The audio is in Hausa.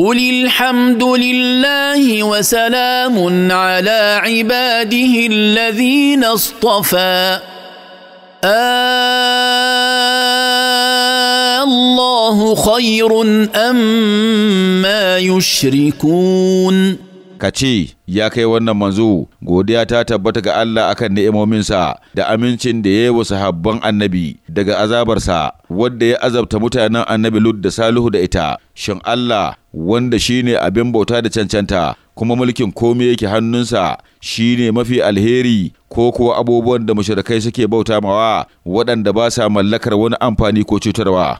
قل الحمد لله وسلام على عباده الذين اصطفى آه الله خير أما أم يشركون ka ce, Ya kai wannan manzo, godiya ta tabbata ga Allah akan ni'imominsa da amincin da ya yi wa sahabban annabi daga azabarsa wadda ya azabta mutanen annabi lud da Salihu da ita, shin Allah wanda shine abin bauta da cancanta kuma mulkin komai yake hannunsa shi ne mafi alheri ko kuwa abubuwan da mashirikai suke bauta mawa waɗanda ba sa mallakar wani amfani ko cutarwa.